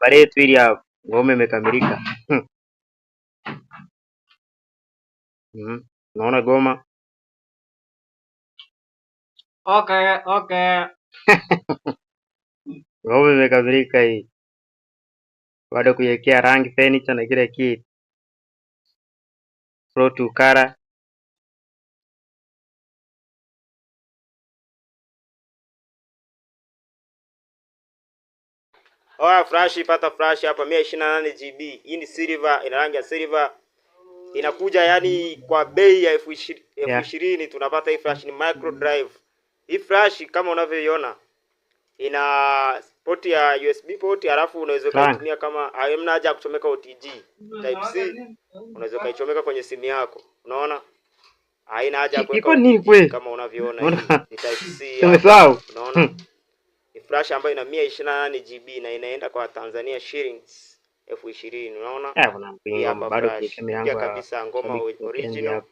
Safari yetu hili ya Ngome imekamilika. Mhm. Unaona hmm. goma? Okay, okay. Ngome imekamilika hii. Baada kuiwekea rangi furniture na kile kitu. Floor to color. Oh, flash ipata flash hapa 128 GB. Hii ni silver, ina rangi ya silver. Inakuja yani kwa bei ya elfu ishirini yeah. Tunapata hii flash ni micro drive. Hii flash kama unavyoiona ina port ya USB port, alafu unaweza kutumia kama hamna haja ya kuchomeka OTG type C, unaweza ukaichomeka kwenye simu yako. Unaona, haina haja ya kuweka kama unavyoona ni type C. Unaona hmm flash ambayo ina mia ishirini na nane GB na inaenda kwa Tanzania shillings elfu ishirini unaona eh, pia kabisa ngoma original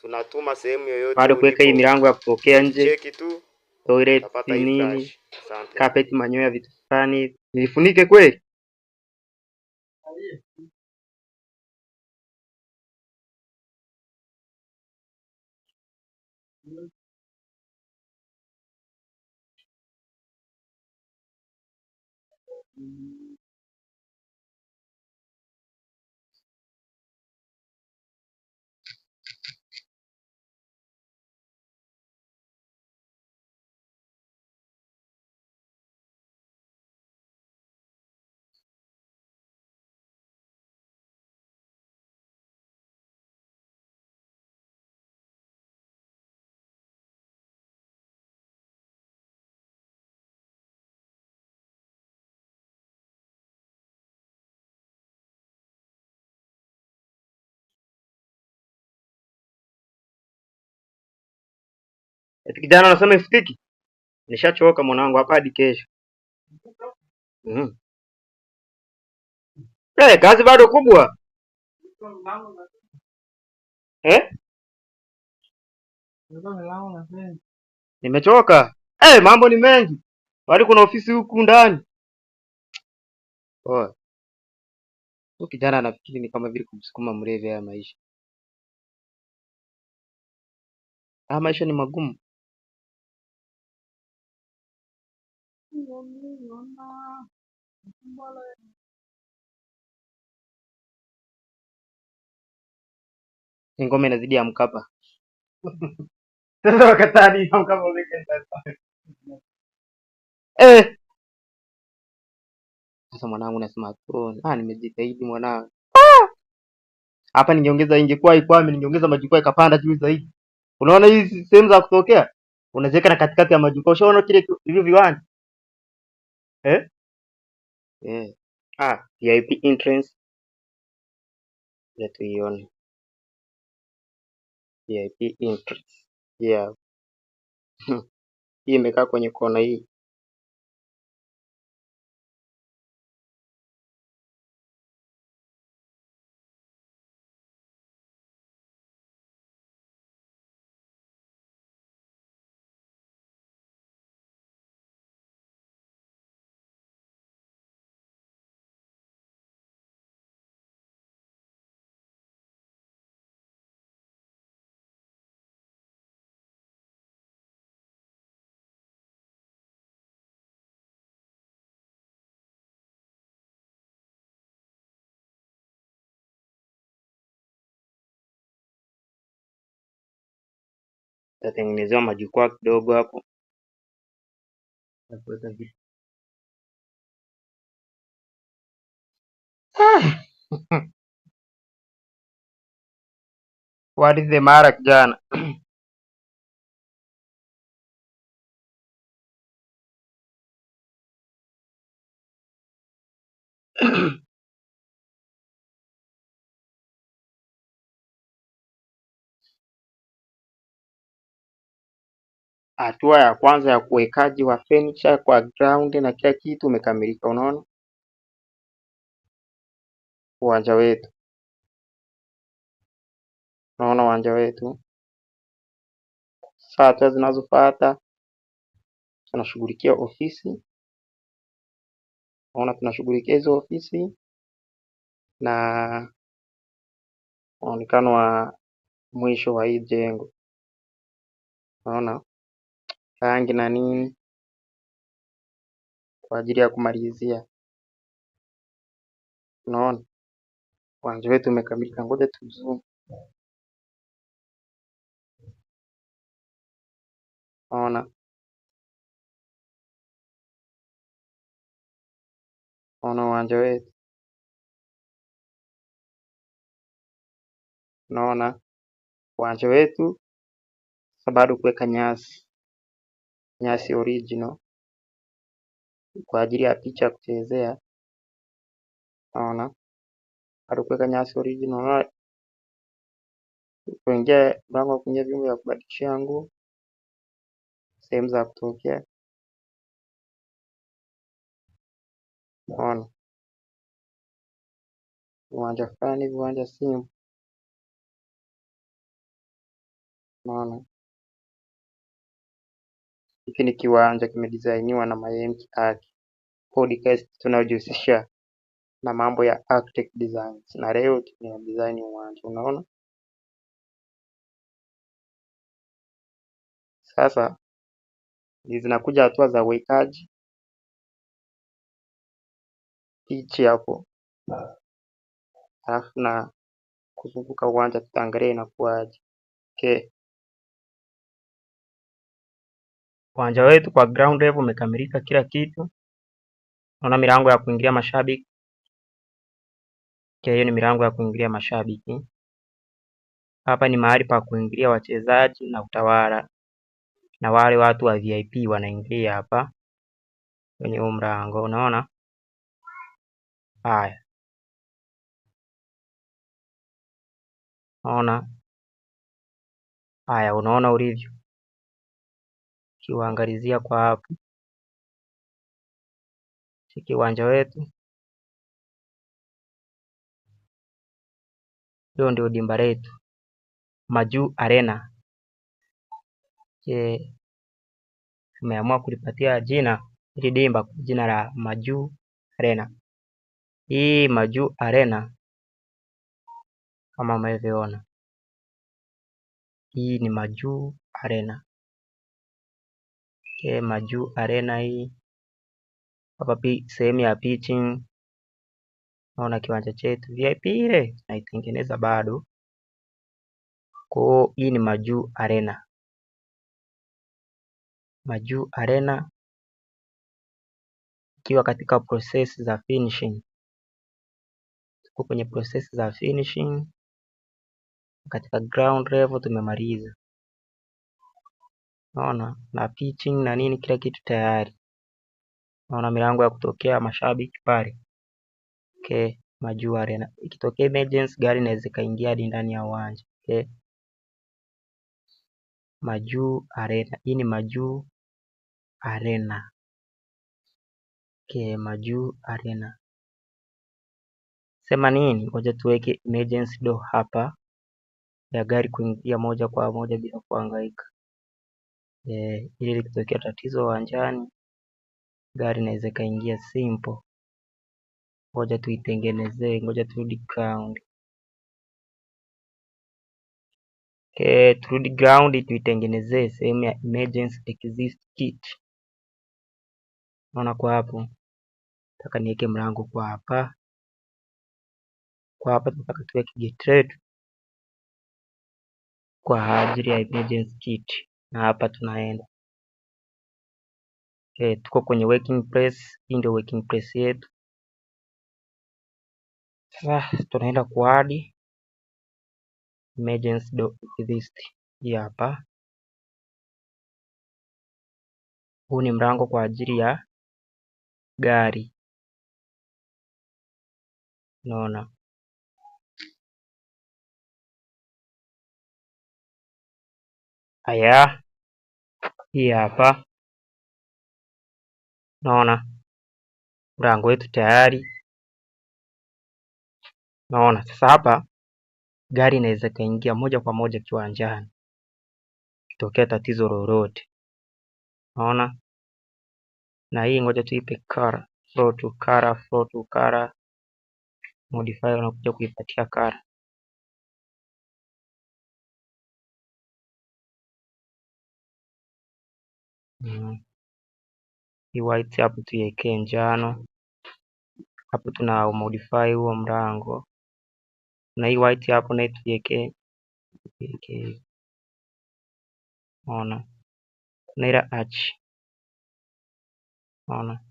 tunatuma sehemu yoyote bado kuweka hii milango ya kupokea nje cheki tu toilet nini carpet manyoya vitu fulani nilifunike kweli Mm-hmm. Eti kijana anasema ifitiki? Nishachoka mwanangu hapa hadi kesho. Mm. Eh, kazi bado kubwa. Eh? Nimechoka. Eh, mambo ni mengi. Bado kuna ofisi huku ndani. Huyu kijana anafikiri ni kama vile kumsukuma mrevi. haya maisha. Haya maisha ni magumu. Ngome inazidi ya Mkapa. Sasa ni ya Mkapa weekend sasa. Eh. Sasa mwanangu nasema oh, ah nimejitahidi mwanangu. Ah! Hapa ningeongeza ingekuwa ikwame ningeongeza majukwaa ikapanda juu zaidi. Unaona hizi sehemu za kutokea? Unaziweka na katikati ya majukwaa. Ushaona kile hivyo viwanja? Eh? Yeah. Ah, VIP entrance. Ile tuione. VIP entrance. Yeah. Hii imekaa kwenye kona hii. Utatengenezewa majukwaa kidogo hapo ya kuweka vitu. Ah! What is the mara kijana? hatua ya kwanza ya kuwekaji wa furniture kwa ground na kila kitu umekamilika unaona uwanja wetu. Unaona uwanja wetu. Sasa hatua zinazofuata tunashughulikia ofisi. Unaona tunashughulikia hizo ofisi na muonekano wa mwisho wa hii jengo. Unaona? rangi na nini kwa ajili ya kumalizia. Unaona uwanja wetu umekamilika, ngoja tuzoom Unaona, unaona uwanja wetu, unaona uwanja wetu bado kuweka nyasi nyasi original kwa ajili ya picha ya kuchezea. Unaona? Alikuweka nyasi original kuingia mlango wa kuingia vyumba vya kubadilishia nguo, sehemu za kutokea. Unaona? Viwanja fulani, viwanja simu. Unaona? Hiki ni kiwanja kimedesainiwa na Mayemki Art podcast tunayojihusisha na mambo ya architect designs na leo tumedesign uwanja unaona. Sasa zinakuja hatua za uwekaji pitch hapo alafu na kuzunguka uwanja tutaangalia inakuwaje. Uwanja wetu kwa ground level umekamilika kila kitu. Naona milango ya kuingilia mashabiki. Hiyo ni milango ya kuingilia mashabiki. Hapa ni mahali pa kuingilia wachezaji na utawala na wale watu wa VIP wanaingia hapa kwenye huu mlango unaona? Haya. Unaona? Haya unaona ulivyo ukiwaangalizia kwa hapo. Si kiwanja wetu, hiyo ndio dimba letu. Majuu Arena. Je, tumeamua kulipatia jina hili dimba jina la Majuu Arena. Hii Majuu Arena kama mnavyoona, hii ni Majuu Arena. Kema juu arena hii. Hapa sehemu ya pitching Naona kiwanja chetu. VIP ile tunaitengeneza bado. Kwa hiyo hii ni Majuu Arena. Majuu Arena ikiwa katika process za finishing Tuko kwenye process za finishing Katika ground level tumemaliza naona na pitching na nini kila kitu tayari. Naona milango ya kutokea mashabiki pale. Okay, najua arena. Ikitokea emergency gari inaweza ikaingia hadi ndani ya uwanja. Okay. Majuu Arena. Hii ni Majuu Arena. Okay, Majuu Arena. Sema nini? Ngoja tuweke emergency door hapa ya gari kuingia moja kwa moja bila kuhangaika. E, ili likitokea tatizo uwanjani gari inaweza ikaingia simple. Ngoja tuitengenezee, ngoja turudi ground. Turudi ground tuitengenezee sehemu ya emergency exist kit. Naona kwa hapo nataka niweke mlango kwa hapa, kwa hapa tunataka tuweke geti letu kwa ajili ya emergency kit na hapa tunaenda. Eh, tuko kwenye working place Hii ndio working place yetu. Sasa tunaenda kuadi emergency.list hii hapa. Huu ni mlango kwa ajili ya gari. no. Haya, hii hapa naona mlango wetu tayari. Naona sasa hapa gari inaweza ikaingia moja kwa moja kiwanjani kitokea tatizo lolote. Naona na hii ngoja tuipe car flow to car flow to car modifier unakuja kuipatia car Hii mm. white hapo tuiwekee njano. Hapo tuna modify huo mlango. Na hii white hapo nayo tuiwekee tuiwekee hivi. Unaona? Na ile arch. Unaona?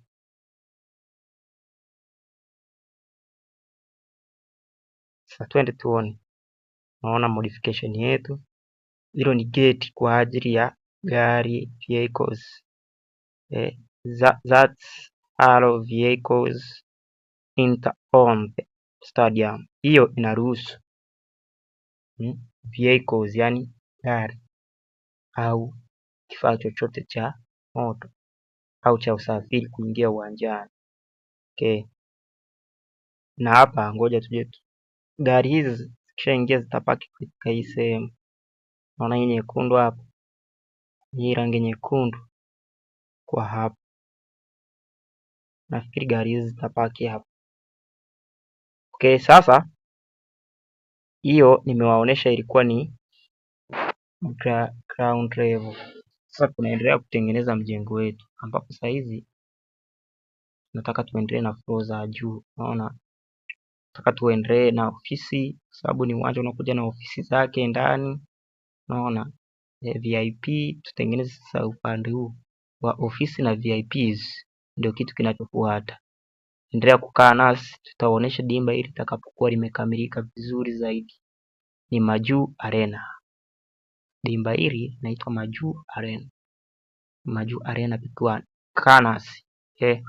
Sasa twende tuone. Unaona modification yetu. Hilo ni gate kwa ajili ya. Gari vehicles eh, that are vehicles on the stadium Hiyo inaruhusu hmm, vehicles yaani gari au kifaa chochote cha moto au cha usafiri kuingia uwanjani. Na hapa ngoja tuje gari hizi zikishaingia zitapaki katika hii sehemu. Naona hii nyekundu hapo ni rangi nyekundu kwa hapa. Nafikiri gari hizi zitapaki hapa. Okay sasa hiyo nimewaonyesha ilikuwa ni ground level Sasa tunaendelea kutengeneza mjengo wetu ambapo saa hizi tunataka tuendelee na floor za juu. Unaona? Nataka tuendelee na ofisi kwa sababu ni uwanja unakuja na ofisi zake ndani. Unaona? Eh, VIP tutengeneze sasa upande huu wa ofisi na VIPs ndio kitu kinachofuata. Endelea kukaa nasi, tutaonesha dimba hili litakapokuwa limekamilika vizuri zaidi. Ni Majuu Arena. Dimba hili naitwa Majuu Arena. Majuu Arena Pikwani. Kaa nasi. Eh.